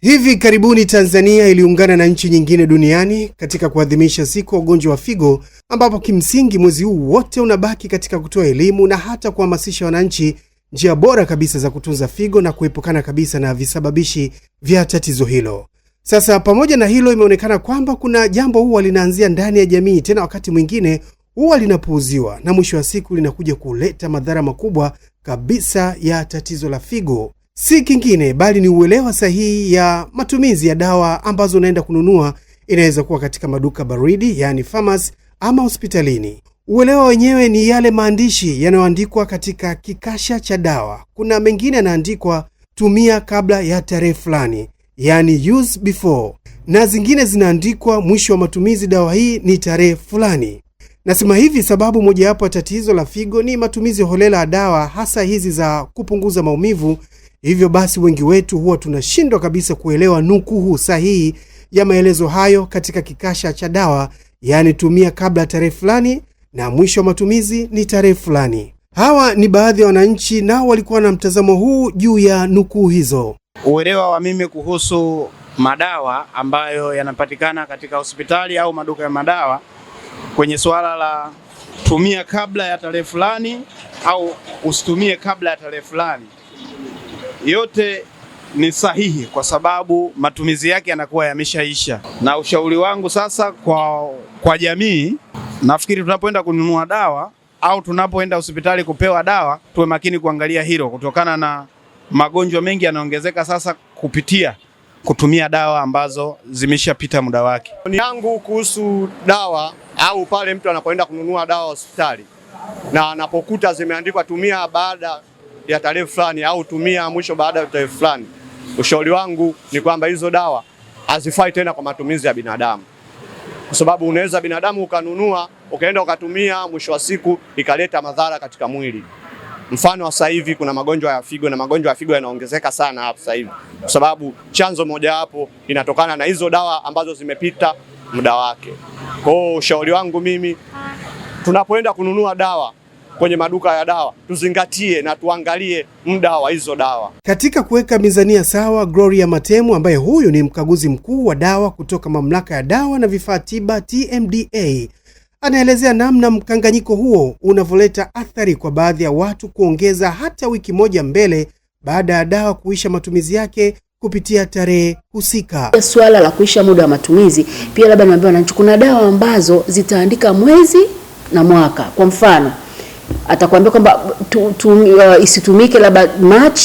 Hivi karibuni Tanzania iliungana na nchi nyingine duniani katika kuadhimisha siku ya ugonjwa wa figo, ambapo kimsingi mwezi huu wote unabaki katika kutoa elimu na hata kuhamasisha wananchi njia bora kabisa za kutunza figo na kuepukana kabisa na visababishi vya tatizo hilo. Sasa pamoja na hilo, imeonekana kwamba kuna jambo huwa linaanzia ndani ya jamii, tena wakati mwingine huwa linapuuziwa na mwisho wa siku linakuja kuleta madhara makubwa kabisa ya tatizo la figo si kingine bali ni uelewa sahihi ya matumizi ya dawa ambazo unaenda kununua. Inaweza kuwa katika maduka baridi, yaani famasi, ama hospitalini. Uelewa wenyewe ni yale maandishi yanayoandikwa katika kikasha cha dawa. Kuna mengine yanaandikwa tumia kabla ya tarehe fulani, yani use before, na zingine zinaandikwa mwisho wa matumizi dawa hii ni tarehe fulani. Nasema hivi sababu mojawapo ya tatizo la figo ni matumizi holela ya dawa, hasa hizi za kupunguza maumivu Hivyo basi wengi wetu huwa tunashindwa kabisa kuelewa nukuhu sahihi ya maelezo hayo katika kikasha cha dawa, yaani tumia kabla tarehe fulani na mwisho wa matumizi ni tarehe fulani. Hawa ni baadhi ya wananchi nao walikuwa na mtazamo huu juu ya nukuu hizo. Uelewa wa mimi kuhusu madawa ambayo yanapatikana katika hospitali au maduka ya madawa kwenye suala la tumia kabla ya tarehe fulani au usitumie kabla ya tarehe fulani yote ni sahihi kwa sababu matumizi yake yanakuwa yameshaisha. Na ushauri wangu sasa kwa, kwa jamii, nafikiri tunapoenda kununua dawa au tunapoenda hospitali kupewa dawa tuwe makini kuangalia hilo, kutokana na magonjwa mengi yanaongezeka sasa kupitia kutumia dawa ambazo zimeshapita muda wake. Ni yangu kuhusu dawa au pale mtu anapoenda kununua dawa hospitali na anapokuta zimeandikwa tumia baada ya tarehe fulani au tumia mwisho baada ya tarehe fulani, ushauri wangu ni kwamba hizo dawa hazifai tena kwa matumizi ya binadamu, kwa sababu unaweza binadamu ukanunua ukaenda ukatumia, mwisho wa siku ikaleta madhara katika mwili. Mfano sasa hivi kuna magonjwa ya figo na magonjwa ya figo yanaongezeka sana hapa sasa hivi, kwa sababu chanzo mojawapo inatokana na hizo dawa ambazo zimepita muda wake. Kwa hiyo ushauri wangu mimi, tunapoenda kununua dawa kwenye maduka ya dawa, tuzingatie na tuangalie muda wa hizo dawa katika kuweka mizania sawa. Gloria Matemu ambaye huyu ni mkaguzi mkuu wa dawa kutoka mamlaka ya dawa na vifaa tiba TMDA anaelezea namna mkanganyiko huo unavyoleta athari kwa baadhi ya watu kuongeza hata wiki moja mbele baada ya dawa kuisha matumizi yake kupitia tarehe husika. Suala la kuisha muda wa matumizi pia, labda niwaambie wananchi, kuna dawa ambazo zitaandika mwezi na mwaka. Kwa mfano atakwambia kwamba tu, tu, uh, isitumike labda March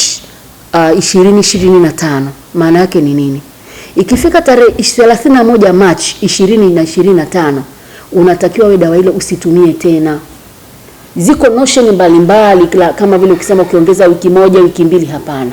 uh, ishirini na tano. Maana yake ni nini? Ikifika tarehe 31 March ishirini na ishirini na tano unatakiwa we dawa ile usitumie tena. Ziko notion mbalimbali mbali, kama vile ukisema ukiongeza wiki moja wiki mbili, hapana.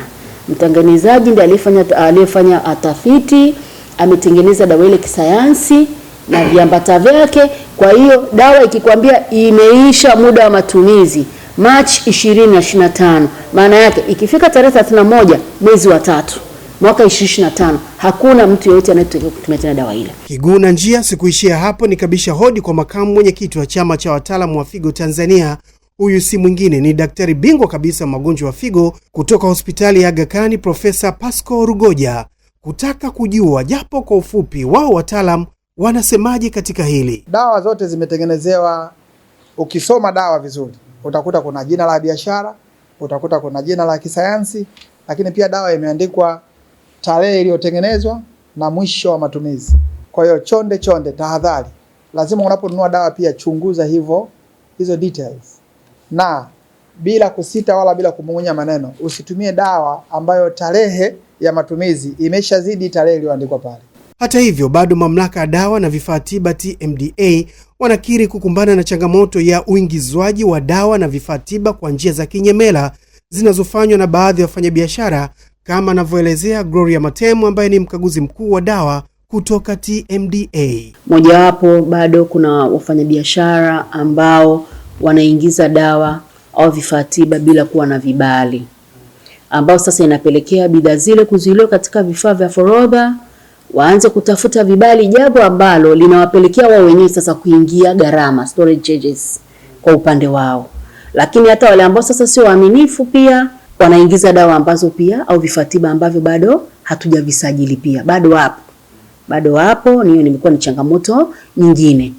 Mtengenezaji ndiye aliyefanya aliyefanya tafiti, ametengeneza dawa ile kisayansi na viambata vyake. Kwa hiyo dawa ikikwambia imeisha muda wa matumizi Machi 2025, maana yake ikifika tarehe 31 mwezi wa tatu mwaka 2025 hakuna mtu yeyote anayetakiwa kutumia tena dawa ile. Kiguna Njia sikuishia hapo, nikabisha hodi kwa makamu mwenyekiti wa chama cha wataalamu wa figo Tanzania. Huyu si mwingine ni daktari bingwa kabisa magonjwa wa figo kutoka hospitali ya Aga Khan, Profesa Pasco Rugoja, kutaka kujua japo kwa ufupi wao wataalam wanasemaje katika hili? Dawa zote zimetengenezewa, ukisoma dawa vizuri utakuta kuna jina la biashara, utakuta kuna jina la kisayansi, lakini pia dawa imeandikwa tarehe iliyotengenezwa na mwisho wa matumizi. Kwa hiyo chonde chonde, tahadhari. Lazima unaponunua dawa pia chunguza hivyo hizo details, na bila kusita wala bila kumung'unya maneno, usitumie dawa ambayo tarehe ya matumizi imeshazidi tarehe iliyoandikwa pale. Hata hivyo, bado mamlaka ya dawa na vifaa tiba TMDA wanakiri kukumbana na changamoto ya uingizwaji wa dawa na vifaa tiba kwa njia za kinyemela zinazofanywa na baadhi ya wafanyabiashara, kama anavyoelezea Gloria Matemu ambaye ni mkaguzi mkuu wa dawa kutoka TMDA. Mojawapo, bado kuna wafanyabiashara ambao wanaingiza dawa au vifaa tiba bila kuwa na vibali, ambao sasa inapelekea bidhaa zile kuzuiliwa katika vifaa vya forodha waanze kutafuta vibali, jambo ambalo linawapelekea wao wenyewe sasa kuingia gharama storage charges kwa upande wao. Lakini hata wale ambao sasa sio waaminifu pia wanaingiza dawa ambazo pia au vifatiba ambavyo bado hatujavisajili pia, bado hapo bado wapo. Niyo nimekuwa ni changamoto nyingine,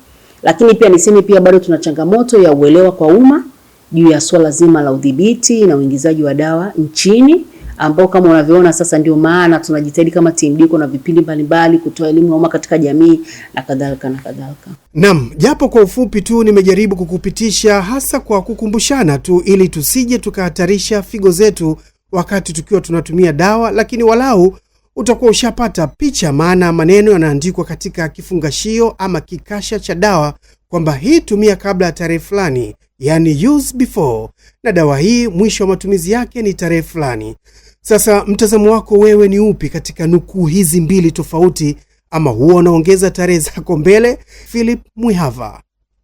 lakini pia niseme pia bado tuna changamoto ya uelewa kwa umma juu ya swala zima la udhibiti na uingizaji wa dawa nchini ambao kama unavyoona sasa, ndio maana tunajitahidi kama TMDCO na vipindi mbalimbali kutoa elimu ya umma katika jamii na kadhalika na kadhalika. Naam, japo kwa ufupi tu nimejaribu kukupitisha hasa kwa kukumbushana tu, ili tusije tukahatarisha figo zetu wakati tukiwa tunatumia dawa, lakini walau utakuwa ushapata picha, maana maneno yanaandikwa katika kifungashio ama kikasha cha dawa kwamba hii tumia kabla ya tarehe fulani, yani use before, na dawa hii mwisho wa matumizi yake ni tarehe fulani. Sasa mtazamo wako wewe ni upi katika nukuu hizi mbili tofauti, ama huwa unaongeza tarehe zako mbele? Philip Mwihava